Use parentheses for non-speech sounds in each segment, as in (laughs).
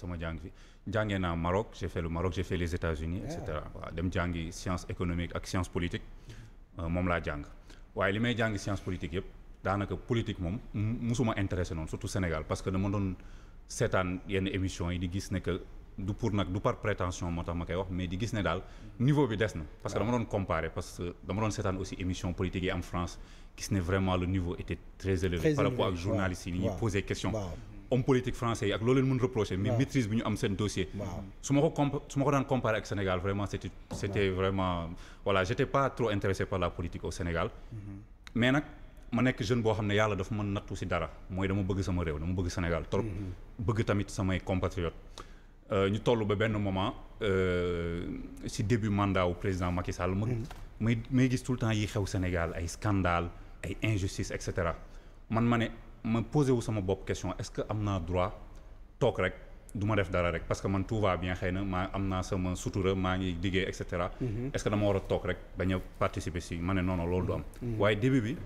sama jàng fi jàngee naa Maroc j'ai fait le Maroc j'ai fait les États-Unis et cetera waaw ah. dem jàngi science économique ak science politique euh, moom laa jàng waaye li may jàngi science politique yëpp daanaka politique moom musuma intéressé noonu surtout Sénégal parce que dama doon seetaan yenn émissions yi di gis ne que du pour nag du par prétention moo tax ma koy wax mais di gis ne daal niveau bi des na parce que dama doon comparer parce que dama doon seetaan aussi émission homme politique français yi ak loolu leen mën reprocher mais maîtrise bi ñu am seen dossier su ma ko comp su ma vraiment c'était c'était vraiment voilà j'étais pas trop intéressé par la mm-hmm. mais nag ma nekk jeune boo xam ne yàlla dafa ma nattu ci dara mooy dama bëgg sama réew dama bëgg Sénégal trop mm-hmm. bëgg tamit samay compatriotes euh, ñu toll ba benn moment euh, ci début mandat président Macky Sall ma mm-hmm. may may gis tout temps yi xew Sénégal ay scandale ay injustice et cetera man ma ne ma posé wu sama bopp question est-ce que am naa droit took rek du ma def dara rek parce que man tout va bien xëy na maa am naa sama sutura maa ngi liggéey et cetera. Mhm. est-ce que dama war a toog rek bañ a participer si ma ne non non loolu du am. Mhm. waaye début bi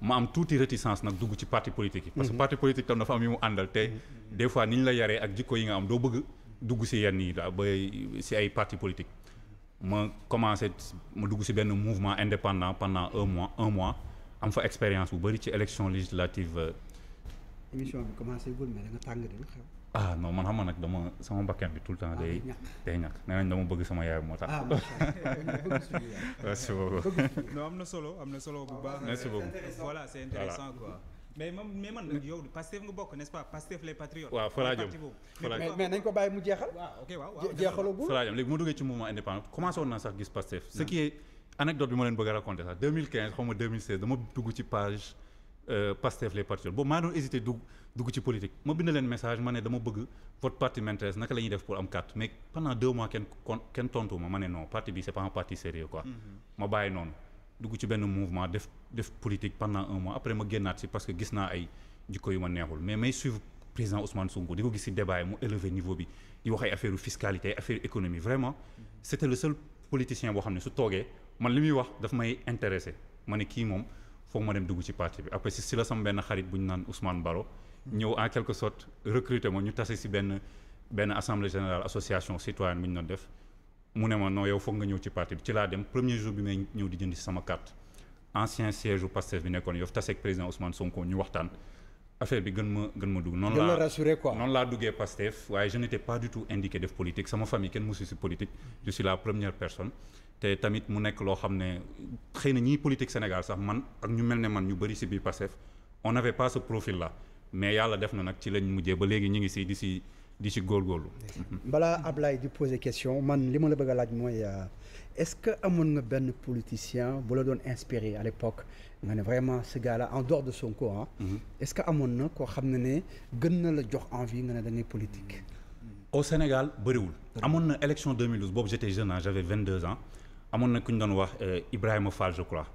ma am tuuti réticence nag dugg ci parti politique yi. parce que mhm. parti politique tam dafa am yu mu àndal te des fois ni ñu la yaree ak jikko yi nga am doo bëgg dugg si yenn yi daal ba si ay parti politique. ma commencé ma dugg si benn mouvement indépendant pendant un mois un mois am fa expérience bu bëri ci élection législative. Euh, émission bi commencé gul mais da nga tàng di lu xew. Ah, man xam nag dama sama mbakkan bi tout le temps ah, day. day ñàkk nee dama bëgg sama yaay moo tax. ah (laughs) merci na solo am na solo bu baax. merci man mais man yow Pastef nga bokk n'est-ce pas Pastef les patriotes. waaw fa laa mais nañ ko bàyyi mu jeexal. waaw ok waaw waaw jeexalagul. léegi mu duggee ci mouvement indépendant commencé woon naa sax gis Pastef. ce hmm. qui anecdote bi ma leen bëgg a raconter sax 2015 xaw ma 2016 dama dugg ci page. Euh, Pastef les patriotes boobu maa doon hésité dugg dugg ci politique ma bind leen message ma ne dama bëgg votre parti m'intéresse naka la ñuy def pour am carte mais pendant deux mois kenn kon ma ma ne non parti bi c'est pas un parti sérieux quoi. Mm-hmm. ma bàyyi noonu dugg ci benn mouvement def def politique pendant un mois après ma génnaat si parce que gis naa ay jikko yu ma neexul mais may suivre président Ousmane Sonko di ko gis si débat yi mu élever niveau mm-hmm. boo xam ne su toogee man li muy wax daf may intéressé ma ne kii moom. foog ma dem dugg ci parti bi après si si la sama benn xarit bu ñu naan Ousmane Baro ñëw en quelque sorte recruter ma ñu tase si benn benn assemblée générale association citoyenne bu ñu doon def mu ne ma non yow foog nga ñëw ci parti bi ci laa dem premier jour bi may ñëw di jënd si sama carte ancien siège u Pastef bi nekkoon Yoff tase ak président Ousmane Sonko ñu waxtaan affaire bi gën ma gën ma dugg noonu laa duggee Pastef waaye je n'étais pas du tout te tamit mu nekk loo xam ne xëy na ñii politique Sénégal sax man ak ñu mel ne man ñu bëri si biir Pastef on n'avait pas ce profil là mais yàlla def na nag ci lañ mujjee ba léegi ñu ngi si di si di si góor góorgóorlu. balaa Ablaye di poser question man li ma la bëgg laaj mooy euh, est-ce que amoon nga benn politicien bu la doon inspiré à l'époque nga ne vraiment ce gars-là en dehors de son courant. Mhm. est-ce que amoon na koo xam ne ne gën na la jox envie nga ne da ngay politique. au Sénégal bëriwul. amoon na élection 2012 boobu j'étais jeune ah j'avais 22 ans. amoon na ku ñu doon wax euh, Ibrahima Fall je crois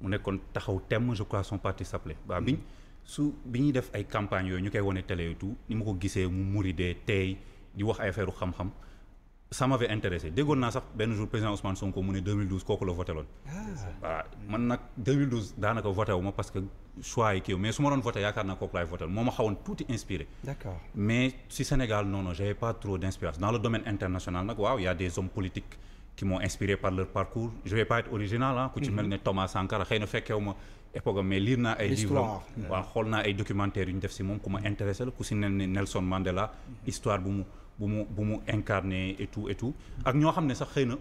mu nekkoon taxaw temm je crois son parti s'appelait baa biñ mm-hmm. su bi ñu def ay campagne yooyu ñu koy wone télé et ni ma ko gisee mu muridee tey di wax ay affaire xam-xam ça m'avait intéressé déggoon naa sax benn jour président Ousmane Sonko mu ne 2012 kooku la voté loon voilà ah. man nag 2012 daanaka voté parce que choix yi kii mais su ma doon voté yaakaar naa kooku laay voté moo ma xawoon tuuti inspiré mais si Sénégal a des hommes politiques ki m'ont inspiré par leur parcours je vais pas être original ah ku ci mhm. mel ne Thomas Sankara xëy na fekkewu ma époque mais lire naa ay livres waaw xool naa ay documentaires yu ñu def si moom ku ma intéressé la ku si nen ne Nelson Mandela mhm. histoire bu mu bu mu bu mu incarné et tout et tout ak ñoo xam ne sax xëy na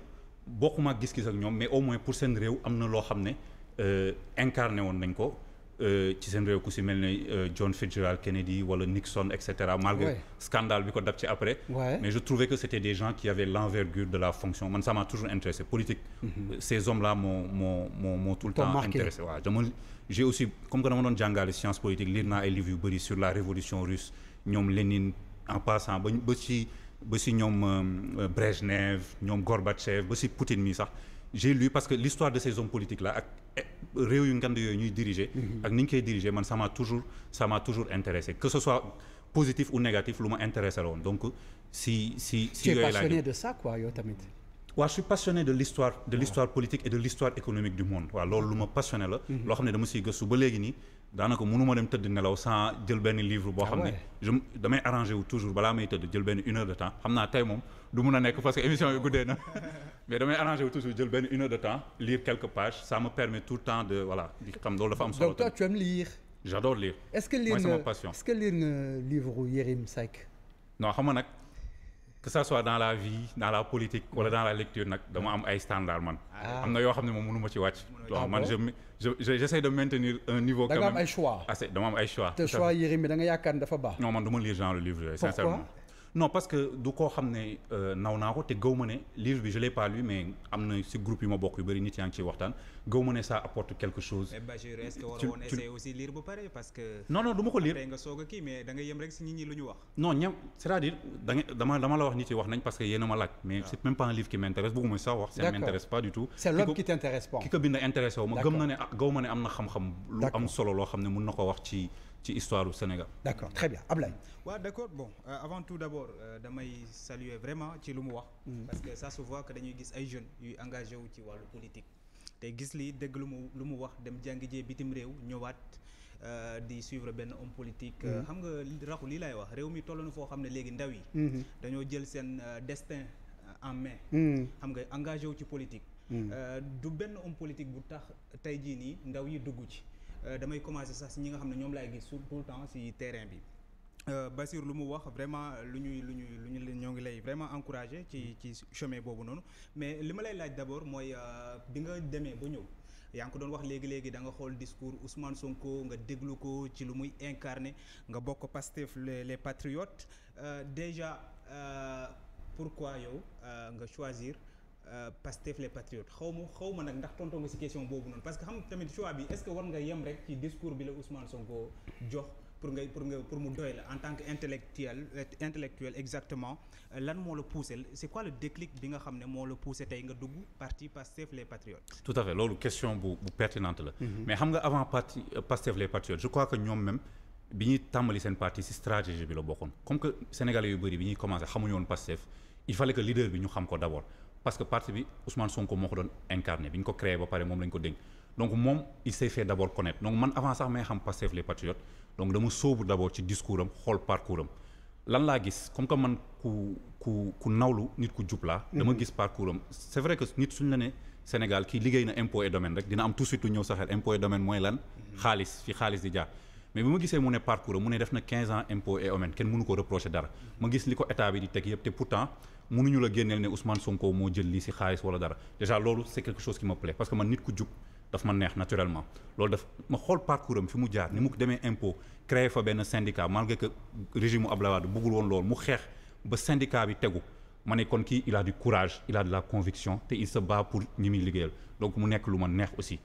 bokkuma gis-gis ak ñoom mais au moins pour seen réew am na loo xam ne euh, incarné woon nañ ko Euh, ci seen ku si mel ne euh, John Fitzgerald Kennedy wala Nixon et cetera. malgré scandale bi ko dab ci après. mais je trouvais que c' des gens qui avaient l'envergure de la fonction man ça m'a toujours intéressé politique. Mhm. ces hommes là moo moo moo moo tout le temps. intéressé waaw j'ai aussi comme que dama doon jàngale science politique lire naa ay livres yu bëri sur la révolution russe ñoom Lénine en passant ba ba si ba si ñoom euh, Brejnev ñoom Gorbatchev ba si Poutine mi sax. j'ai lu parce que l'histoire de ces hommes politiques là ak eh, réew yu ngand yooyu ñuy diriger. Mhm. ak ni koy diriger man sama m'a toujours ça toujours intéressé que ce soit positif ou lu ma intéressé woon donc si si si yooyu laa. tu es passionné de ça quoi yow tamit. waaw je suis passionné de l'histoire de l'histoire politique et de l'histoire économique du monde loolu ma passionné la mhm. loo xam ne dama siy gëstu ba léegi nii daanaka mënuma dem tëdd nelaw sans jël benn livre boo ah xam ne je damay arrangé wu toujours balaa may tëdd jël benn une heure de temps xam naa tey moom du (laughs) mais damay arrangé wu toujours jël benn une heure de temps lire quelques pages ça me permet tout le temps de voilà xam loolu dafa am solo. donc toi tu aimes lire. j'adore lire. est ce que lire nga livre Yérim Seck. non xam nga que ça soit dans la vie dans la politique wala dans la lecture nag dama am ay standard man. Ah. am na yoo xam ne moom mënu ma ci wàcc. donc ah man je je j'essaie de maintenir un niveau. quand même da nga ay choix. dama am ay choix. Yérim bi da nga yaakaar dafa baax. non man du ma non parce que du ko xam ne euh, naw naa ko te gaw ma ne livre bi je l'ai pas lu mais am na si groupe yu ma bokk yu bëri nit yaa ngi ciy waxtaan gaw ma ne ça eh, que waroon essayer aussi lire ba pare parce que. non non du ma ko lire après nga soog a ñu wax. non ñam c'est-à-dire da nga dama dama la wax nit yi wax a ah. ki ko bind intéressé wu ah, ma ne am na xam-xam. lu am solo loo xam ne mun na ko wax ci ci histoire u Sénégal. d'accord très bien Ablaye. waaw ouais, d'accord bon euh, avant tout d'abord euh, damay saluer vraiment ci lu mu wax. Mm. parce que ça se voit que dañuy gis ay jeunes yuy engagé wu ci wàllu politique. te gis lii dégg lu mu lu mu wax dem jàngi jee bitim réew ñëwaat. Euh, di suivre benn homme politique. Mm. xam nga raxu lii lay wax réew mi toll na foo xam ne léegi ndaw yi. Mm-hmm. dañoo jël seen euh, destin euh, en main. Mm. xam nga engagé wu ci politique. du benn homme politique bu tax tey jii nii ndaw yi dugg ci. Euh, damay commencer sax si ñi nga xam ne ñoom laay gis tout le temps si terrain bi. Euh, Bassir lu mu wax vraiment lu ñuy lu ñuy lu ñu ñoo ngi lay vraiment encourager ci ci chemin boobu noonu mais li ma lay laaj d'abord mooy euh, bi nga demee ba ñëw yaa ngi ko doon wax léegi-léegi da nga xool discours Ousmane ko nga déglu ko ci lu muy incarné nga bokk Pastef les patriotes déjà pourquoi yow nga choisir Euh, Pastef les patriotes xaw ma xaw ma nag ndax tontoo nga si question boobu noonu parce que xam tamit choix bi est-ce que war nga yem rek ci discours bi la Ousmane Sonko jox pour ngay pour nga pour mu doy la en tant que intellectuel intellectuel exactement euh, lan moo la poussé c'est quoi le déclic bi nga xam ne moo la poussé tey nga dugg parti Pastef les Patriotes. tout à fait loolu question bu bu pertinente la. Mhm. mais xam nga avant parti euh, Pastef les Patriotes que ñoom même bi ñuy tàmbali seen parti bi la bokkoon comme que sénégalais yu bëri bi ñuy commencé xamuñu woon Pastef il fallait ñu xam ko d'abord. parce que parti bi Ousmane Sonko moo ko doon incarné bi ñu ko créé ba pare moom la ko dénk donc moom il fait d'abord connaître donc man avant sax may xam Pastef les patriotes donc dama sóobu d'abord ci discours am xool parcours am lan laa gis comme que man ku ku ku nawlu nit ku jub laa dama mhm. gis parcours am c'est vrai que nit suñ la ne Sénégal kii liggéey na impôt et domaine rek dina am tout de suite lu ñëw sa xel impôt et domaine mooy lan mhm. xaalis fi xaalis mënuñu la génneel ne Ousmane Sonko moo jël lii si xaalis wala dara déjà loolu c'est quelque chose qui me plaît parce que man nit ku jub daf ma neex naturellement loolu daf ma xool parcours fi mu jaar ni mu demee impôt créé fa benn syndicat malgré que régime mu Abdoulaye Wade bëggul woon loolu mu xeex ba syndicat bi tegu ma ne kon kii il a du courage il la conviction te il se bat pour ñi muy liggéeyal donc mu nekk lu ma neex aussi.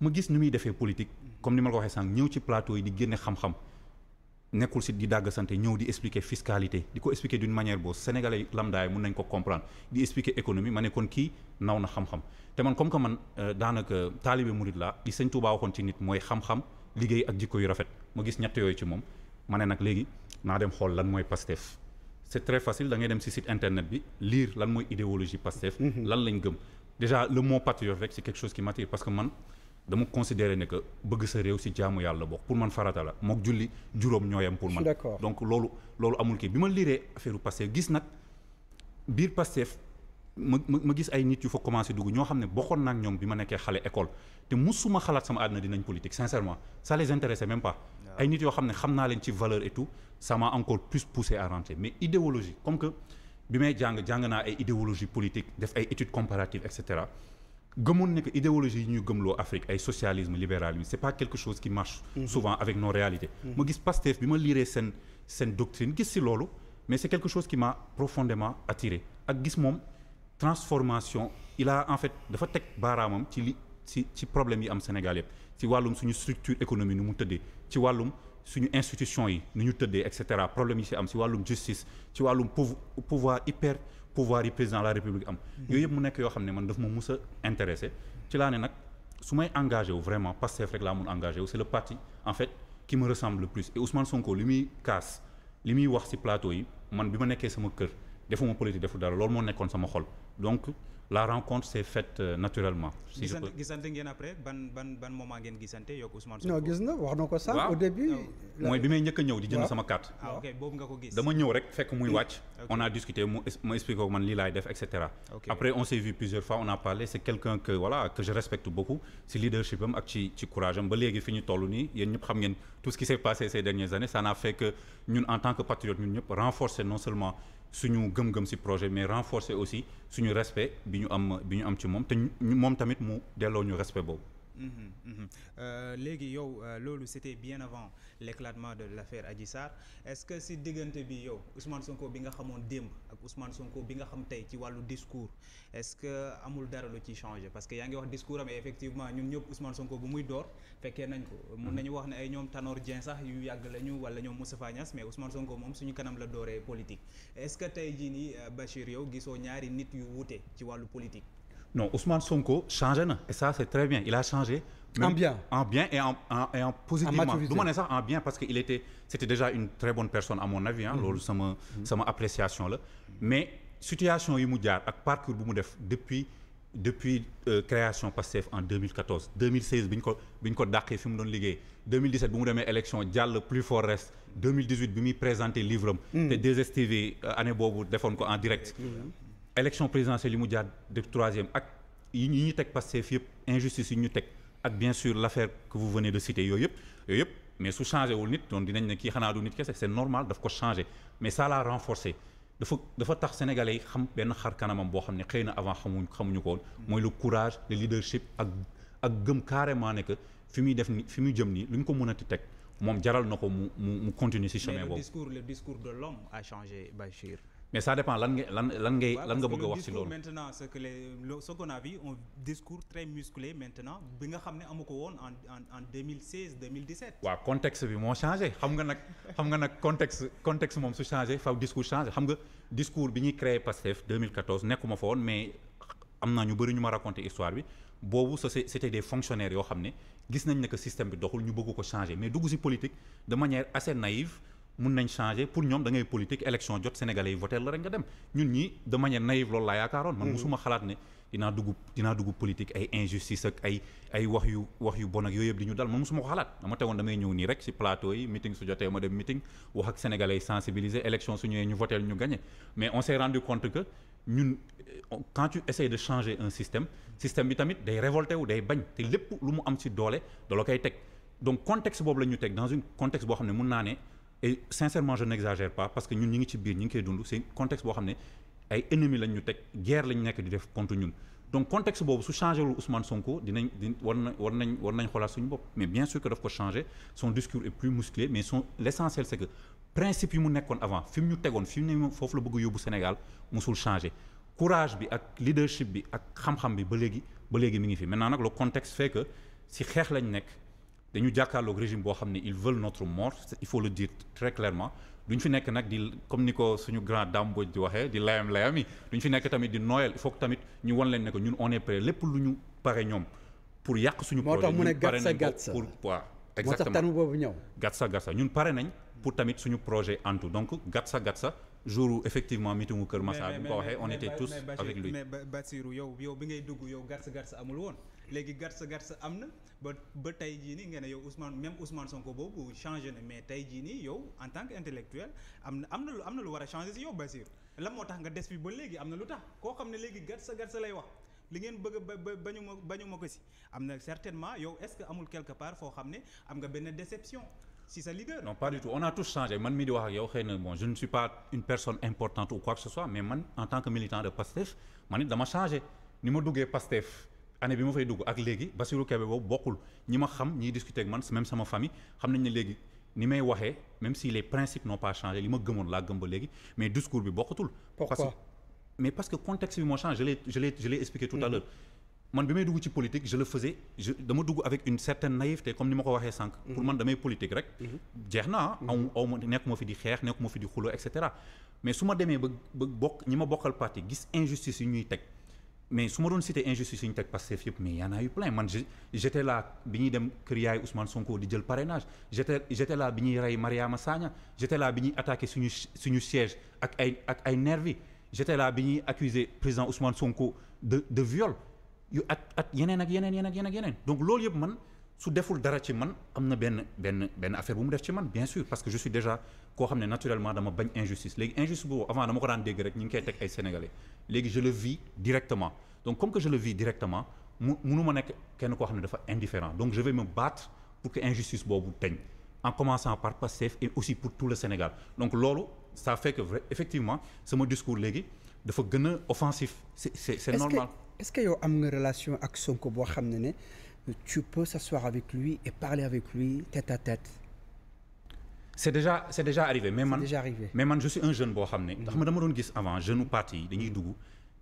ma gis ni muy defee politique comme ni ma la ko waxee sànq ñëw ci plateau yi di génne xam nekkul si di dàgg sante ñëw di expliquer fiscalité di ko expliquer d'une manière boo sénégalais lambda yi mun nañ ko comprendre di expliquer économie ma ne kon kii naw na xam-xam te man comme que man euh, daanaka taalibe murit laa di sëñ Tuubaa waxoon ci nit mooy xam-xam liggéey ak jikko yu rafet ma gis ñett yooyu ci moom ma ne nag léegi naa dem xool lan mooy Pastef c'est très facile da ngay dem si site internet bi lire lan mooy idéologie Pastef mm-hmm. lan lañ gëm déjà le que man dama considérer ne que bëgg sa réew si jaamu yàlla bokk pour man farata la mook julli juróom ñooyam pour man donc loolu loolu amul kii bi ma liiree affaire Pastef gis nag biir Pastef ma ma gis ay nit yu fa commencé dugg ñoo xam ne bokkoon naa ak ñoom bi ma nekkee xale école te musuma xalaat sama àddina dinañ politique sincèrement ça les intéressait même pas ay nit yoo xam ne xam naa leen ci valeur et tout ça m'a encore plus poussé à mais idéologie comme que bi may jàng jàng naa ay idéologie politique def ay études comparatives et cetera gëmoon ne que idéologie ñu ñuy gëmloo Afrique ay socialisme libéralisme c'est pas quelque chose qui marche mhm. souvent avec nos réalités mhm. ma gis Pastef bi ma liiree seen seen doctrine gis si loolu mais c'est quelque chose qui m'a profondément attiré ak gis moom transformation il en fait dafa teg baaraamam ci li ci ci problème yi am Sénégal yëpp ci wàllum suñu structure économie nu mu tëddee ci wàllum suñu institution yi nu ñu tëddee et cetera problème yi si am si wàllum justice ci wàllum pouvoir hyper pouvoir yi président de la république am. yooyu yëpp mu nekk yoo xam ne man daf ma mus a ci laa ne nag su may engagé wu vraiment Pastef rek laa mun engagé wu c' est en fait qui me ressemble le plus et Ousmane Sonko li muy kaas li muy wax si plateau yi man bi ma nekkee sama kër defuma politique defu dara loolu moo nekkoon sama xol donc. la rencontre s'est faite euh, naturellement. si gisante gisante ngeen après ban ban ban moment ngeen gisante yow Ousmane Sonko. non gis na wax na ko sax. au début mooy bi may njëkk ñëw di jënd sama carte. ah ok boobu nga ko gis. dama ñëw rek fekk muy hmm. wàcc. on a discuté mu ma expliqué lii laay def et après on s'est vu plusieurs fois on a parlé c'est quelqu'un que voilà que je respecte beaucoup si leadership am ak ci ci courage am ba léegi fi ñu toll nii yéen ñëpp xam ngeen tout ce qui s'est passé ces dernières années ça suñu gëm-gëm ci projet mais renforcer aussi suñu respect bi ñu am bi ñu am ci moom te moom tamit mu delloo ñu respect boobu Mhm, mhm. Euh, léegi yow euh, loolu c'était bien avant l'éclatement de l'affaire Adji Sarr est-ce que si diggante bi yow Ousmane Sonko bi nga xamoon démb ak Ousmane Sonko bi nga xam tey ci wàllu discours est-ce que amul dara lu ci changé parce que yaa ngi wax discours am effectivement ñun ñëpp Ousmane Sonko bu muy door fekke nañ ko. mun nañu wax ne ay ñoom Tanor Dieng sax yu yàgg lañu wala ñoom Moustapha Niasse mais Ousmane Sonko moom suñu kanam la dooree politique est-ce que tey jii nii euh, Bachir yow gisoo ñaari nit yu wuute ci wàllu politique. non Ousmane Sonko changé na et ça c'est très bien il a changé. en bien en et en positivement du ma en bien parce que il était c'était déjà une très bonne personne à mon avis ah. loolu sama mhm. sama appréciation la. mais situation yi mu jaar ak parcours bu mu def depuis depuis euh, création Pastef en 2014 2016 bi ñu ko bi ñu ko dàqee fi mu doon liggéey plus fort reste 2018 bi livre am. Mhm. te 2STV euh, année boobu defoon ko en direct. élection présidentielle yi mu jaar de troisième ak yi ñu teg Pastef yëpp injustice yi ñu teg ak bien sûr l' affaire que vous venez de citer yooyu yëpp yooyu yëpp mais su changé wul nit doon dinañ ne kii xanaa du nit kese c' est normal daf ko changé mais ça l'a renforcé dafa dafa tax sénégalais yi xam benn xar kanamam boo xam ne xëy na avant xamuñ xamuñu ko woon. mooy le courage le leadership ak ak gëm carrément fi muy def ni fi muy jëm nii lu ñu ko mënati teg moom jaral na ko mu mu mu continuer si chemin boobu. mais le discours le de l'homme a changé Bachir. mais ça dépend lan nga lan lan nga bëgg a wax ci loolu maintenant ce que les ce qu'on xam ne amu ko woon en en en 2016 2017 waaw contexte bi moo changé xam nga nag xam nga nag contexte contexte moom su changé faw discours changé xam nga discours bi ñuy créé PASTEF 2014 nekkuma fa woon mais am na ñu bëri ñu ma raconté histoire bi boobu ce c'était des fonctionnaires yoo xam ne gis nañ ne que système bi doxul ñu bëgg ko changé mais dugg si politique de manière assez naïve mun nañ changer pour ñoom da ngay politique jot sénégalais yi voté la rek nga dem ñun ñi de manière naïve loolu laa yaakaaroon man mhm. musuma xalaat ne dinaa dugg dinaa dugg politique ay injustice ak ay ay wax yu wax yu bon ak yooyu yëpp di ñu dal man musuma ko xalaat dama tegoon damay ñëw nii rek si plateau yi meeting su jotee ma dem meeting wax ak sénégalais yi sensibiliser élection su ñëwee ñu voteel ñu gagné mais on s'est rendu compte que ñun euh, quand tu de changer un système système bi tamit day révolté wu day bañ te lépp lu mu am si doole da koy teg donc contexte boobu la ñu teg dans un boo xam ne mun naa ne et sincèrement je n'exagère pas parce que ñun ñi ngi ci biir ñi ngi koy dund c'est contexte boo xam ne ay ennemis lañ ñu teg guerre lañ nekk di def contre ñun donc contexte boobu su changé wul Ousmane Sonko dinañ di war na war nañ war nañ xoolaat suñu bopp mais bien sûr que daf ko changé son discours est plus musclé mais son l'essentiel c'est que principe yi mu nekkoon avant fi mu ñu tegoon fi mu ne foofu la bëgg yóbbu Sénégal musul changé courage bi ak leadership bi ak xam bi ba léegi ba léegi mi ngi fi maintenant nag le contexte fait si xeex lañ nekk dañu jàkkaarloog régime boo xam ne ils veulent notre mort il faut le dire très clairement duñ fi nekk nag di comme ni ko suñu grand Dame Mbodj di waxee di layam layam yi duñ fi nekk tamit di noyal il faut que tamit ñu won leen ne que ñun on est lépp lu ñu pare ñoom pour yàq suñu projet moo tax mu ne gatsa gatsa pour waaw exactement moo tax tànn boobu ñëw gatsa gatsa ñun pare nañ pour tamit suñu projet antu donc gatsa gatsa jour effectivement meetingu Kër Massar bi ko waxee on était tous avec lui yow bi ngay dugg yow gatsa gatsa amul woon léegi garsa garsa am na ba ba tey jii nii nga ne yow Ousmane même Ousmane Sonko boobu changé na mais tey jii nii yow en tant que intellectuel am na am na lu war a changé si yow Basir lan moo tax nga des fi ba léegi am na lu tax koo xam ne léegi garsa garsa lay wax li ngeen bëgg ba ba bañu ma ko si am na certainement yow est-ce que amul quelque part foo xam ne am nga benn déception si sa leader. non pas du tout on a tous changé man mii di wax ak yow na bon je ne suis pas une personne importante ou quoi que ce soit mais man ma duggee PASTEF. année bi ma fay dugg ak léegi Bassirou Kébé boobu bokkul ñi ma xam ñiy discuter ak man même sama famille xam nañ ne léegi ni may waxee même si les principes n'ont pas changé li ma gëmoon laa gëm ba léegi mais discours bi bokkatul. pourquoi mais parce que contexte bi moo changé je l'ai je l'ai je l'ai mm-hmm. bi may dugg ci politique je le faisais je dama dugg avec une certaine comme ni ma ko waxee sànq. Mm-hmm. pour man damay politique rek. Mm-hmm. jeex na ah. aw nekk moo fi di xeex nekk moo fi di xulo et cetera mais su ma demee ba ba bokk ñi ma bokkal parti gis injustice yi ñuy teg. mais su ma doon cité injustice yi ñu teg Pastef yëpp mais y en a eu man j'étais là bi ñuy dem kër yaay Ousmane Sonko di jël parrainage j'étais j'étais bi ñuy rey Mariama Sagna j'étais là bi ñuy attaqué suñu suñu siège ak ay ak ay nervi j'étais là bi ñuy accusé président Ousmane Sonko de de viol yu ak ak yeneen ak yeneen yeneen ak yeneen donc loolu yëpp man su deful dara ci man am na benn benn benn affaire bu mu def ci man bien sûr parce que je suis déjà koo xam ne naturellement dama bañ injustice léegi injustice boobu avant dama ko daan dégg rek ñu ngi koy teg ay sénégalais léegi je le vis directement donc comme que je le vis directement mu munu nekk kenn koo xam ne dafa indifférent donc je vais me battre pour que injustice boobu teñ en commençant par Pastef et aussi pour tout le Sénégal donc loolu ça fait effectivement sama discours léegi dafa gën a offensif c'est c'est normal est-ce que yow am nga relation ak Sonko boo xam ne ne tu peux s'asseoir avec lui et parler avec lui tête à tête. c'est déjà arrivé mais man mais un jeune boo xam ne. Mhm. ndax ma dama doon gis avant jeune parti yi dañuy dugg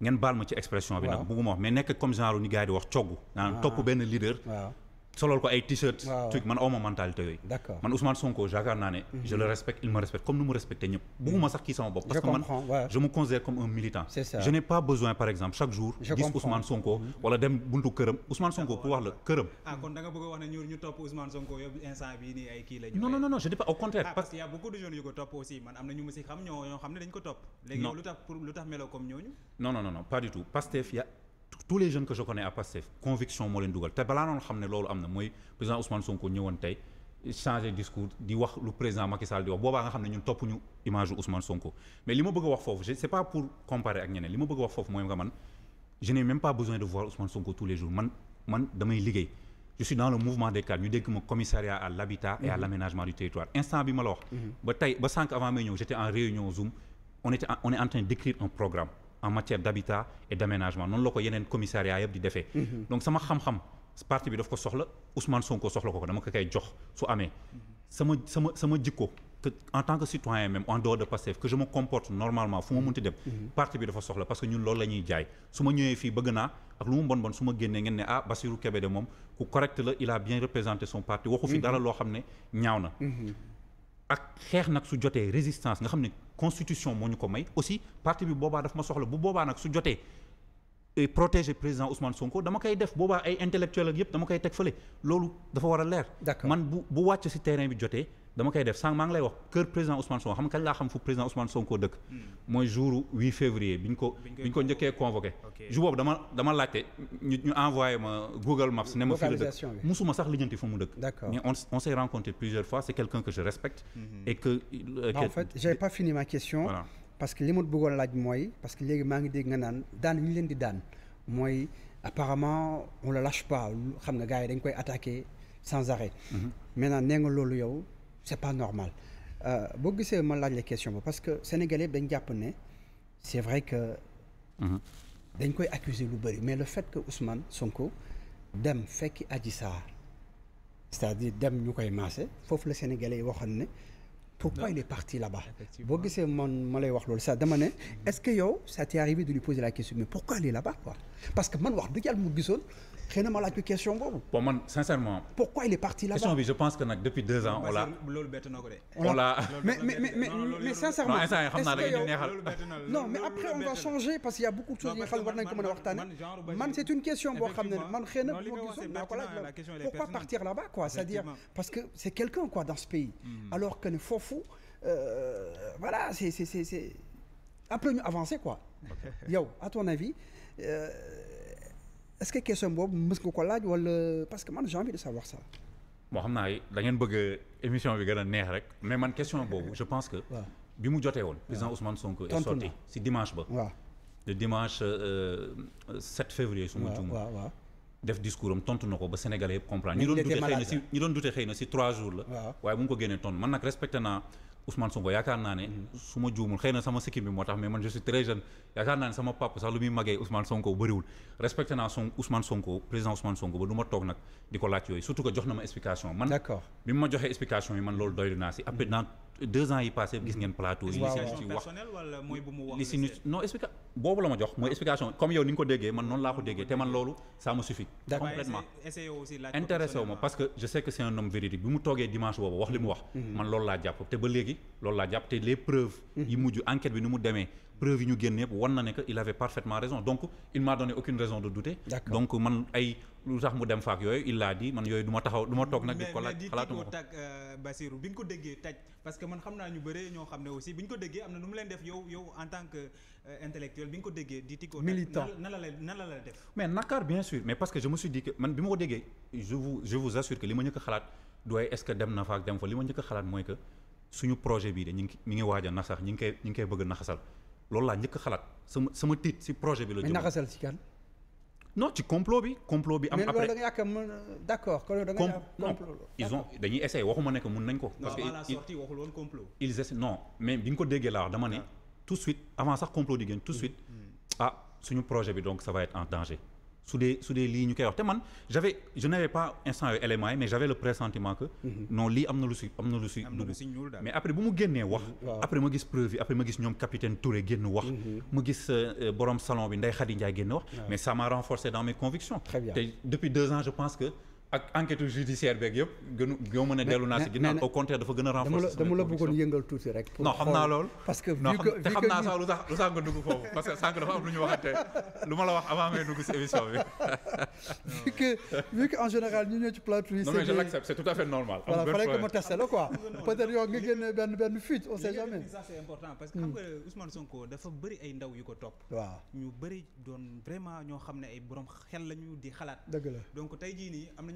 ngeen baal ma ci expression bi. waaw nag bugguma wax mais nekk comme genre ni gars di wax coggu. topp benn leader. solol ko ay t-shirt truc man awma mentalité yooyu man Ousmane Sonko yaakaar naa ne je le respecte il me respecte comme ni mu respecte ñëpp mhm. bugguma sax kii bopp parce que man je me considère comme un militant je n'ai pas besoin par exemple chaque jour gis Ousmane Sonko mhm. wala dem buntu këram Ousmane Sonko pour wax la këram ah kon da nga je dis pas au contraire ah, parce que tous les jeunes que je connais à Pastef conviction moo leen dugal te balaa noonu xam ne loolu am na mooy président Ousmane Sonko ñëwoon tey changer discours di wax lu président Macky Sall di wax boobaa nga xam ne ñun topp ñu image u Ousmane Sonko mais li ma bëgg a wax foofu c'est pas pour comparer ak ñeneen li ma bëgg a wax foofu mooy nga man je n'ai même pas besoin de voir Ousmane Sonko tous les jours man damay liggéey je dans le mouvement des mm-hmm. mm-hmm. ba tey ba sànq en matière d'habitat et d'aménagement noonu la ko yeneen commissariat yëpp di defee mhm. donc sama xam-xam parti bi daf ko soxla Ousmane Sonko soxla ko ko dama ko koy jox su amee sama sama sama jikko en tant que citoyen même en dehors de Pastef que je me comporte normalement fu ma munti dem mhm. Mhm. parti bi dafa soxla parce que ñun loolu la jaay su ma ñëwee fii bëgg naa ak lu mu bon bon su ma génnee ngeen ne ah Bassirou Kébé de moom ku correct la il bien représenté constitution moo ñu ko may aussi parti bi boobaa daf ma soxla bu boobaa nag su jotee protéger président Ousmane sunko dama koy def boobaa ay intellectuel yëpp dama koy teg fële loolu dafa war a leer. man bu bu wàcc si terrain bi jotee. dama koy def sànq maa ngi lay wax kër président Ousmane Sonko xam kañ laa xam fu président Ousmane Sonko dëkk. Hmm. mooy jour 8 février bi ñu ko. bi ñu ko njëkkee convoqué. jour boobu dama dama laajte ñu ñu ma Google Maps. ne ma fii la dëkk musuma sax lijjanti fu mu dëkk. mais on on s' est plusieurs fois c' quelqu'un que je respecte. Hmm. et que. Euh, en pas fini ma question. parce que li ma bëggoon laaj mooy parce que léegi maa ngi dégg nga naan daan ñu leen di daan mooy apparemment on le lâche pas xam nga gars yi dañ koy attaqué sans arrêt. Mm-hmm. maintenant nee nga loolu yow c'est pas normal euh, boo gisee man laaj la question bi parce que sénégalais dañ jàpp ne c'est vrai que. Mhm. dañ koy accuser lu bëri mais le fait que Ousmane Sonko dem fekki aji Sarr c'est-à-dire dem ñu koy maase foofu la sénégalais yi waxoon ne. pourquoi il est parti là-bas boo gisee man ma lay wax loolu sax dama ne est-ce que yow ça t'est arrivé de lui poser la question mais pourquoi il est là-bas parce que man wax du jàll mu gisoon. xëy na ma laaj ko question boobu. bon man sincèrement. pourquoi il est parti là-bas question bi je pense que nag depuis deux ans. on l'a loolu bett na ko de. on l'a (laughs) mais mais mais mais sincèrement. est-ce que non mais après on va changer parce que y a beaucoup de choses yi nga xam ne war nañu ko mën a waxtaanee. man c'est une question boo xam ne man xëy na bu ma gisoon naa ko laaj la pourquoi partir là-bas quoi c'est-à-dire parce que c'est quelqu'un quoi dans ce pays. Hmm. alors que ne foofu euh, voilà c'est c'est c'est après ñu avancer quoi. (laughs) yow à ton avis. Euh, est-ce que question boobu mës nga ko laaj wala parce que man j'ai envie de savoir ça. moo xam naa da ngeen bëgg émission bi gën a neex rek mais man question boobu je pense que. bi mu jotee woon. président Ousmane Sonko est sorti si dimanche ba. waaw le dimanche 7 euh, février. su ma juum def discours am tontu na ko ba sénégalais yëpp comprendre. ñu doon dute xëy na si ñu doon dute xëy na si 3 jours la. waaye bu mu ko génnee tontu man nag respecté naa. Ousmane Sonko yaakaar naa ne. Mhm. su ma juumul xëy na sama sikkim bi moo tax mais man je suis très jeune yaakaar naa ne sama papa sax lu muy màggee Ousmane Sonko bëriwul respecté naa son Ousmane Sonko président Ousmane Sonko ba du toog nag di ko laaj yooyu surtout que jox na ma explication. man bi mu ma joxee explication yi man loolu doylu naa si après mhm. dans deux ans yi passé gis ngeen plateau yi. ci wax wala wax. li si boobu la ma jox mooy explication comme yow ni nga ko déggee man noonu laa ko déggee te man loolu ça me suffit. complètement parce que je sais que c'est un homme véridique bi mu toogee dimanche boobu wax li mu wax. Mhm. man loolu laa jàpp te ba léegi loolu laa jàpp te les preuves. Mhm. yi mujj enquête bi ni mu demee preuve yi ñu génn yëpp wan na il avait parfaitement raison donc il m'a donné lu tax mu dem faak yooyu il a dit man yooyu du ma taxaw du ma toog nag. di ko laaj xalaatuma ko euh, bi nga ko déggee taj parce que man xam naa ñu bëre ñoo xam ne aussi bi ñu ko déggee am na nu euh, ko déggee di na la la na la la def. mais nakaar bien sûr mais parce que je me suis dit que man bi ma ko déggee je vous je vous assure que li ma njëkk a xalaat doy est que dem na faak dem fa li ma njëkk xalaat mooy que suñu projet bii de ñu ngi mi ngi waaj ñu ngi koy ngi koy bëgg naxasal loolu laa njëkk a xalaat sama sama tiit si projet bi la. mais naxasal si non ci complot bi complot bi am après mais loolu da nga yàq d'accord complot ils ont dañuy essayé waxuma ne que mën nañ ko parce que avant la sortie waxul woon complot ils essaient non mais bi nga ko déggee laa dama ne ah. tout suite avant sax complot di génn tout mm. suite ah suñu projet bi donc ça va en danger su dee su dee lii ñu koy wax te man j'avais je n'avais pas instant yooyu éléments yi mais j'avais le pressentiment que mhm. non lii am na lu si am na lu si dugg mais après bu mu génnee wax après ma gis preuve yi après ma gis ñoom capitaine Touré génn wax mhm. ma gis euh, borom salon bi Ndeye Khady Ndiaye génn wax mais ça m'a renforcé dans mes convictions te depuis deux ans je pense que ak enquête judiciaire beeg yëpp gënu ñoo mën a dellu naa si ginnaaw au contraire dafa gën a renforcer dama la bëggoon yëngal tuuti rek non xam naa loolu parce que non xam naa sax dugg foofu parce que sànq dafa am lu ñu waxante lu ma la wax avant may dugg si émission bi (laughs) vu la quoi nga génne benn benn fuite on sait jamais parce que xam nga Ousmane Sonko dafa bëri ay ndaw yu ko topp waaw ñu bëri doon vraiment ñoo xam ne ay borom xel lañu di xalaat dëgg la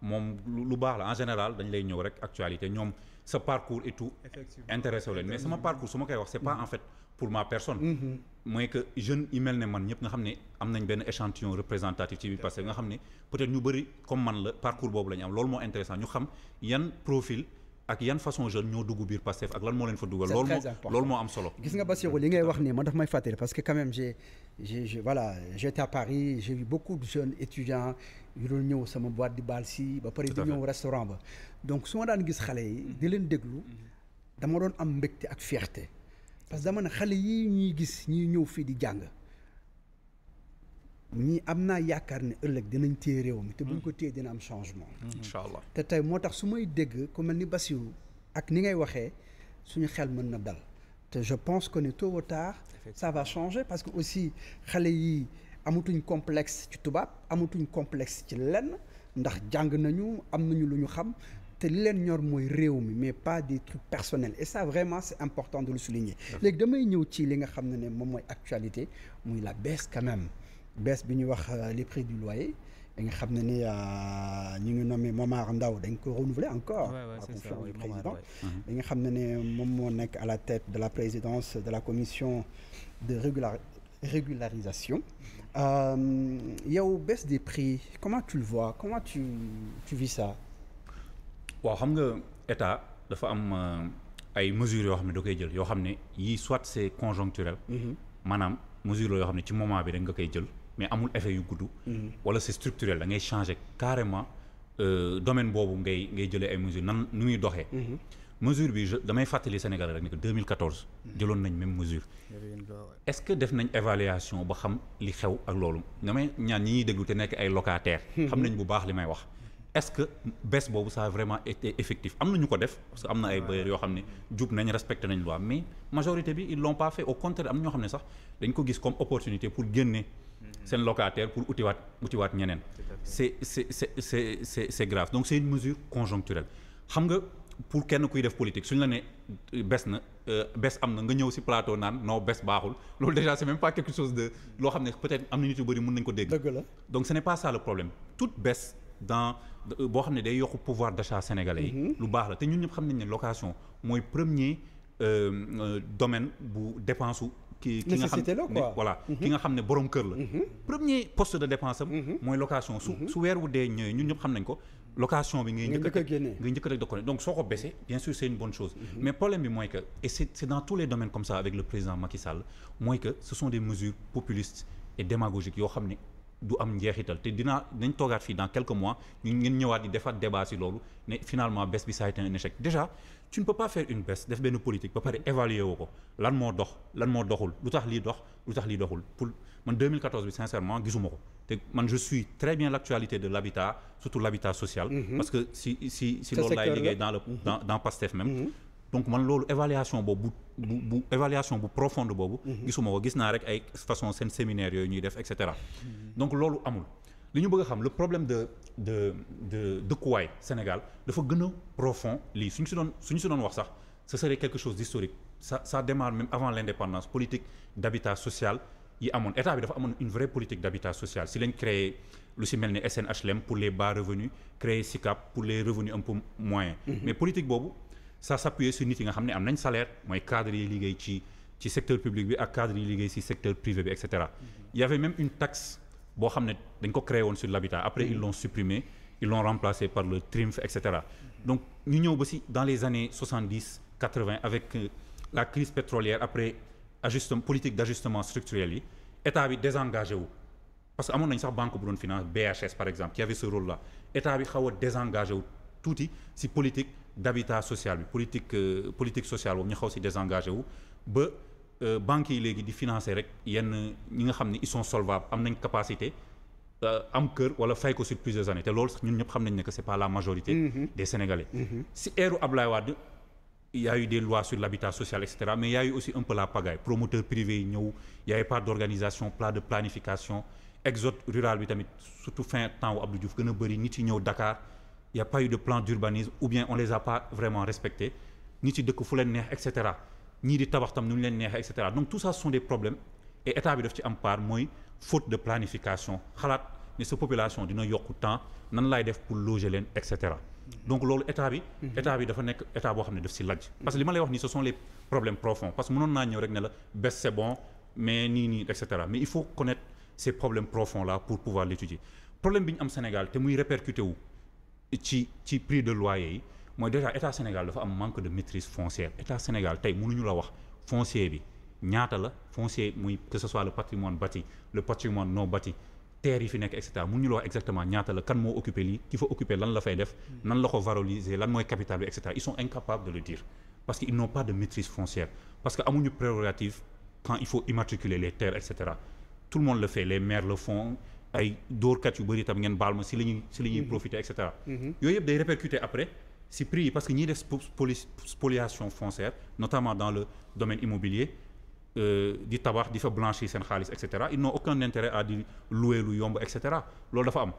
moom lu baax la en général dañ lay ñëw rek actualité ñoom sa parcours et tout intéressé leen mais sama parcours su ma koy wax c'est pas mm-hmm. en fait pour ma personne mm-hmm. mooy que jeune yi mel ne man ñëpp nga xam ne am nañ benn échantillon représentatif ci biir parce que nga xam ne peut-être ñu bëri comme man la parcours boobu la am loolu moo intéressant ñu xam yan profil ak yan façon jeune ñoo dugg biir Pastef ak lan moo leen fa dugal. loolu moo loolu moo am solo. gis nga Bassirou li ngay wax nii man daf may fàttali parce que quand même j'ai j'ai à Paris j'ai beaucoup de jeunes étudiants yu doon ñëw sama boîte di baal si. ba pare di ñëw restaurant ba. donc su ma daan gis xale yi. di leen déglu dama doon am mbégte ak fierté. parce que dama ne xale yi ñuy gis ñuy ñëw fii di jàng. ñii am naa yaakaar ne ëllëg dinañ téye réew mi te buñ ko téye dina am changement. Mm. incha allah te tey moo tax su may dégg ku mel ni Bassirou ak ni ngay waxee suñu xel mën na dal te je pense que ni tôt ou tard ça va changer parce que aussi xale yi amatuñ complex ci tubaab amatuñ complexe ci lenn ndax jàng nañu am nañu lu ñu xam te li leen ñor mooy réew mi mais pas des trucs personnels et sa vraiment c'est important de le souligner léegi damay ñëw ci li nga xam ne ne moom mooy actualité muy la baisse quand bees bi ñu wax euh, les prix du loyer da nga xam ne ni euh, ñu ngi nommé Momar Ndao dañ ko renouveler encore ouais, ouais, à confiance du nga xam ne ne moom moo nekk à la tête de la présidence de la commission de régula régularisation euh, yow baisse des prix comment tu le vois comment tu vis ça waaw xam nga état dafa am euh, ay mesures yoo xam ne da koy jël yoo xam ne yii soit c'est conjoncturel mm-hmm. maanaam mesure la yoo xam ne ci moment bi rek nga koy jël mais amul effet yu gudd. Mm-hmm. wala c'est structurel da ngay changer carrément euh, domaine boobu ngay ngay jëlee ay mesures nan nu muy doxee. Mm-hmm. mesure bi damay fàttali Sénégal rek ni que 2014. Mm-hmm. jëloon nañ même mesure. est-ce que def nañ évaluation ba xam li xew ak loolu. damay ñaan ñi ñuy déglu te nekk ay locataires. xam nañ bu baax li may wax. est-ce que baisse boobu ça a vraiment été effectif am na ñu ko def parce am na ay bailleurs yoo xam ne jub nañ respecté nañ loi mais majorité bi ils l'ont pas fait au xam ne sax dañ ko gis comme opportunité pour génne seen locataire pour utiwaat utiwaat ñeneen c'est c'est c'est c'est c'est c'est grave donc c'est une mesure conjoncturelle xam nga pour kenn kuy def politique suñ la ne euh, bes na euh, bes am na nga ñëw si plateau naan non bes baaxul loolu déjà c'est même pas quelque chose de loo xam ne peut-être am na nit yu bari mën nañ ko dégg donc ce n'est pas ça le problème toute baisse dans boo xam ne day yokk pouvoir d'achat sénégalais yi. Mhm. lu baax la te ñun ñëpp xam ne location mooy premier euh, euh, domaine bu dépense su. Mhm. ki nga xam ne voilà kër la. Mhm. premier poste de dépense am. mooy location su su weer wu dee ñun ñëpp xam nañ ko. location bi ngay njëkk a ngay njëkk a teg dokkone donc soo ko baissé bien sûr c'est une bonne chose mais problème bi mooy que et c'est c'est dans tous les domaines comme ça avec le président Macky mooy que ce sont des mesures populistes yoo xam ne du am njeexital te dina dañ toogaat fii dans quelques mois ñu ngeen ñëwaat di defaat débat si loolu ne finalement baisse bi ça a été un échec déjà tu ne peux pas faire une baisse def benn politique ba pare évaluer woo ko lan moo dox lan moo doxul lu tax lii dox lu tax lii doxul pour man 2014 bi sincèrement gisuma ko te man je suis très bien l'actualité de l'habitat surtout l'habitat social mm-hmm. parce que si si si loolu laay liggéey dans le mm-hmm. Pastef même mm-hmm. donc man loolu évaluation boobu bu bu bu profonde boobu. Mhm. gisuma ko gis naa rek ay façon seen séminaire yooyu ñuy def et cetera. Mhm. donc loolu amul li ñu bëgg a xam le problème de de dëkkuwaay Sénégal dafa gën a profond lii suñu si doon suñu si doon wax sax ce serait quelque chose d'historique ça ça démarre même avant l'indépendance politique d'habitat social yi amoon état bi dafa amoon une vraie politique d'habitat social si lañ créé lu si mel ni SNHLM pour les bas revenus créé SICAP pour les revenus un peu moyens. Mhm. mais politique boobu. ça s'appuyer sur nit yi nga xam ne am nañ salaire mooy cadre yi liggéey ci ci secteur public bi ak cadre yi liggéey ci secteur privé bi et cetera. Mm-hmm. y avait une taxe boo xam ne dañ ko créé woon sur l'habitat après ils l'ont supprimé ils l'ont remplacé par le TRIMF et cetera. Mm-hmm. donc ñu ñëw ba si dans les années 70 80 avec euh, la crise pétrolière après ajustement politique d'ajustement structurel yi état bi désengagé wu. parce que amoon nañ sax banque bu doon finance BHS par exemple qui avait ce rôle là état a désengagé wu tuuti d'habitat social bi politique euh, politique social boobu ñu xaw si désengagé wu ba euh, banque yi léegi di financer rek yenn ñi nga xam ne ils sont solvables am nañ capacité euh, am kër wala fay ko sur plusieurs années te loolu sax ñun ñëpp xam nañ ne que c'est pas la majorité mm-hmm. des Sénégalais mm-hmm. si eeru Ablaye Wade il y a eu des lois sur l'habitat social et cetera mais il y a aussi un peu la pagaille promoteur privé yi ñëw y avait pas d'organisation plan de planification exode rural bi tamit surtout fin temps wu a bëri nit yi ñëw Dakar y a pas eu de plan d'urbanisme ou bien on les a pas vraiment respectés ñi dëkk fu leen neex et cetera ñii di tabax tam nu ñu leen neex et cetera donc tout ça sont des problèmes et état bi daf xalaat ne sa population dina yokku temps nan laay def pour loger leen et cetera donc loolu état bi mhm. état bi dafa nekk état boo xam ne daf si lajj parce que li ma lay wax ni ce sont les problèmes profonds parce que mënoon naa ñëw rek ne la bés mais nii nii et cetera mais il faut connaître ces problèmes profonds là pour pouvoir l'étudier problème bi ñu am Sénégal muy répercuté wu ci ci prix de loyer yi mooy déjà état Sénégal dafa am manque de maîtrise foncière état Sénégal tey mënuñu la wax foncier bi ñaata la foncier muy que ce soit le patrimoine bâti le patrimoine non bâti terre yi fi nekk et cetera mënuñu la wax exactement ñaata la kan moo occupé lii ki fa occupé lan la fay def. Hmm. nan la ko valoriser lan mooy capital bi et cetera ils sont incapables de le dire parce que ils n'ont pas de maîtrise foncière parce que amuñu prérogative ay dóorkat yu bëri itam ngeen baal ma si la ñuy si la ñuy mhm. profité et cetera. Mhm. yooyu yëpp day répercuté après si prix yi parce que ñiy def spoliation foncière notamment dans le domaine immobilier euh, di tabax di fa blanchir seen xaalis et cetera ils n'ont aucun intérêt à di louer lu yomb et cetera loolu dafa am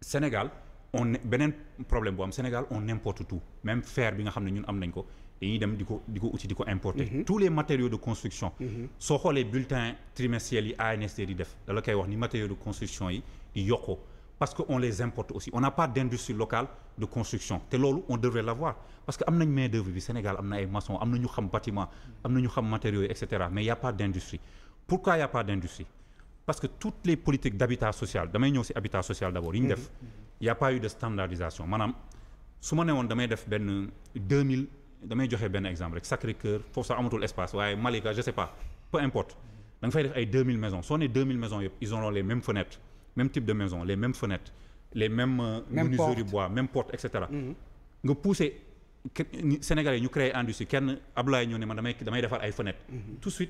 Sénégal on beneen problème bu am Sénégal on importe tout même fer bi nga xam ne ñun am nañ ko dañuy dem di ko di ko uti di ko importer. Mhm. tous les matériaux de construction. Mhm. soo xoolee bulletin trimestriel yi ANSD di def da la koy wax ni matériaux de construction yi di yokkoo parce que on les importe aussi on n'a pas d'industrie locale de construction te loolu on devrait l'avoir parce que am nañ main d'œuvre bi Sénégal am na ay maçon am na ñu xam bâtiment am na ñu xam matériaux yi et cetera mais y a pas d'industrie pourquoi y a pas d'industrie parce que toutes les politiques d'habitat social damay ñëw ci habitat social d'abord yi ñu def mhm. y a pas ma ne woon damay def benn 2000 damay joxe benn exemple rek Sacré Cœur foofu sax amatul espace waaye Malika je sais pas peu importe da fay def ay 2000 maisons soo nee 2000 maisons yëpp ils auront les mêmes fenêtres même type de maison les mêmes fenêtres les mêmes. Euh, même menuiseries cetera. Mm-hmm. nga pousser Sénégalais ñu créer industrie kenn Abdoulaye ñëw ne man damay damay defar ay fenêtres. Mm-hmm. tout de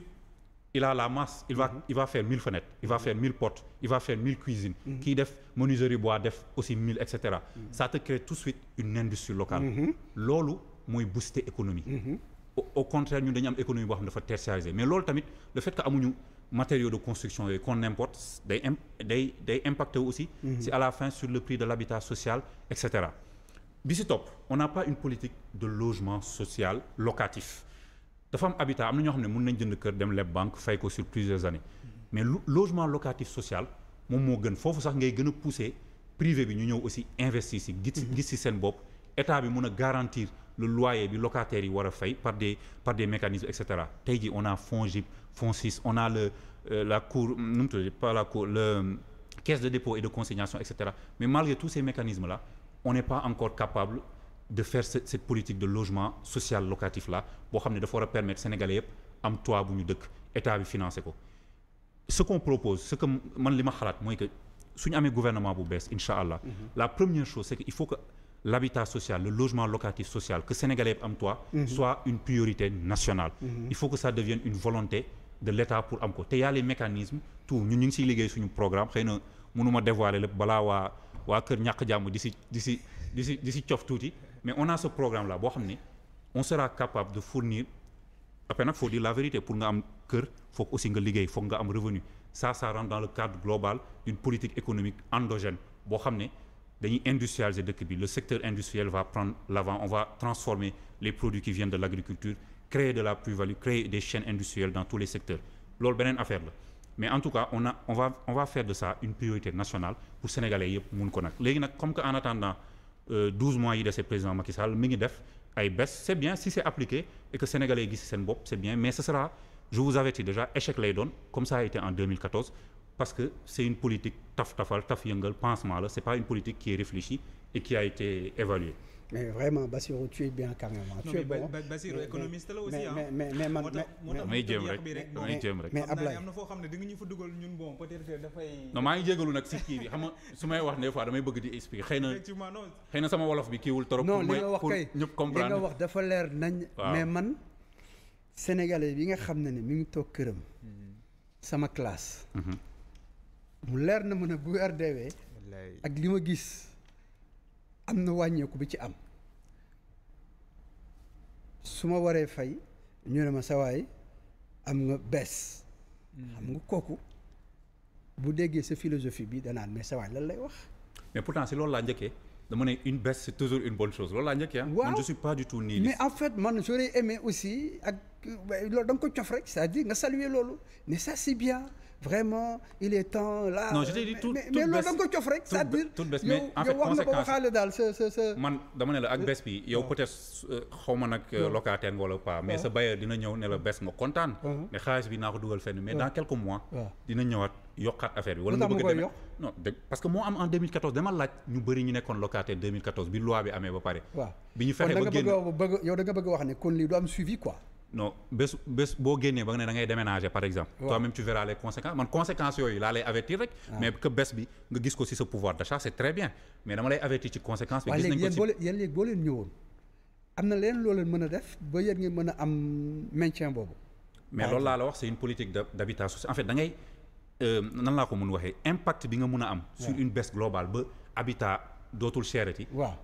il a la masse. il va mm-hmm. il va faire 1000 fenêtres. il va faire 1000 portes il va faire 1000 cuisines. kii def menuiserie bois def aussi 1000 et cetera. ça te crée tout suite une industrie locale. loolu. mooy booster économie. Mhm. au contraire ñun dañu am économie boo xam ne dafa tertiarisé mais loolu tamit le fait que amuñu matériaux de construction yooyu qu'on importe day day day impacté aussi. Mhm. si à la fin sur le prix de l'habitat social et cetera. bi si topp on n'a pas une politique de logement social locatif dafa am habitat am na ñoo xam ne mun nañ jënd kër dem leb banque fay ko sur plusieurs années mhm. mais logement locatif social moom moo gën foofu sax ngay gën a pousser privé bi ñu ñëw aussi investir si. gis si seen bopp état bi mun a garantir. le loyer bi locataires yi war a fay par des par des tey jii on a FONGIP FONSIS on a le euh, la cour nu mu tudd pas la cour le euh, caisse de dépôt et de consignation et mais malgré tous ces mécanismes là on n'est pas encore capable de faire cette, cette politique de logement social locatif la boo xam ne dafa a permettre sénégalais yëpp am toit bu ñu dëkk état bi financé ko ce qu'on propose ce que man li ma xalaat mooy que suñu amee gouvernement bu bees incha allah. Mm-hmm. l'habitat social le logement locatif social que sénégalais bi am toit mhm. soit une priorité nationale mhm. il faut que ça devienne une volonté de l'État pour am ko te y a les mécanismes tout ñun ñu ngi siy liggéey suñu programme xëy na mënuma dévoiler lépp balaa waa waa kër ñàkk jàmm di si di si di si di si cof tuuti mais on a ce programme là boo xam ne on sera capable de fournir après nag faut dire la vérité pour nga am kër foog aussi nga liggéey foog nga am revenu ça ça le cadre global d'une politique économique endogène boo xam ne dañuy industrialiser dëkk bi le secteur industriel va prendre l'avant on va transformer les produits qui viennent de l'agriculture créer de la plus-value créer des chaînes industrielles dans tous les secteurs loolu beneen affaire la mais en tout cas on a on va faire de ça une priorité nationale pour sénégalais yëpp mun ko comme que attendant euh, douze mois yi dese président c'est bien si c'est appliqué et que sénégalais yi gis seen bopp c'est bien mais ce sera je parce que c'est une politique taf tafal taf yëngal pansement la c'est pas une politique qui est réfléchie et qui a été évaluée. mais vraiment Bassirou tu es bien carrément. la mais mais mais man mais mais Ablaye xam ne di nga ñu dugal ñun bon peut-être dafay. non maa ngi jégalu nag si kii bi xam nga su may wax des fois damay bëgg di expliquer xëy na xëy na sama wolof bi kiiwul trop. non li nga wax kay ñëpp comprendre man sénégalais bi nga xam ne mi ngi toog këram. Mhm. sama classe. Mhm. mu leer na mën a bu weer deewee ak li ma gis am na wàññeeku bi ci am su ma waree fay ñu ne ma sewaay am nga bees hmm. xam nga kooku bu déggee sa philosophie bi danaan mais sawaay lan lay wax mais pourtant si loolu laa njëkkee dama ne une baisse c'est une bonne chose loolu laa njëkk ah. en fait man j'aurais aimé aussi ak loolu ko cof rek c'est-à-dire nga loolu mais ça c'est vraiment il est temps là. non je t'ai nga ko cof rek. c'est-à-dire yow yow wax na sa sa man dama la ak bes bi euh, yow peut-être euh, xaw ma nag locataire nga wala pas mais sa bailleur dina ñëw ne la baisse nga kontaan. mais xaalis bi naa ko dugal fen mais dans quelques mois. dina ñëwaat. yokkaat affaire bi. wala nga bëgg a demee non dëgg parce que moo am en 2014 dama laaj ñu bëri ñu nekkoon locataire 2014 bi loi bi amee ba pare. waaw bi ñu fexe ba génnee ba nga ne da déménager par exemple. toi même tu verras les man conséquences yooyu laa lay avertir rek. Ah. mais que bés bi nga gis ko ci sa pouvoir d'achat c'est très bien mais dama lay avertir ci conséquences. bi gis nañ ko leen ñëwoon am na leen boobu. mais loolu la wax c'est une politique d'habitation en ngay. Euh, nan laa ko mun waxee impact bi nga mun a am. sur une baisse globale ba habitat dootul cherati. waaw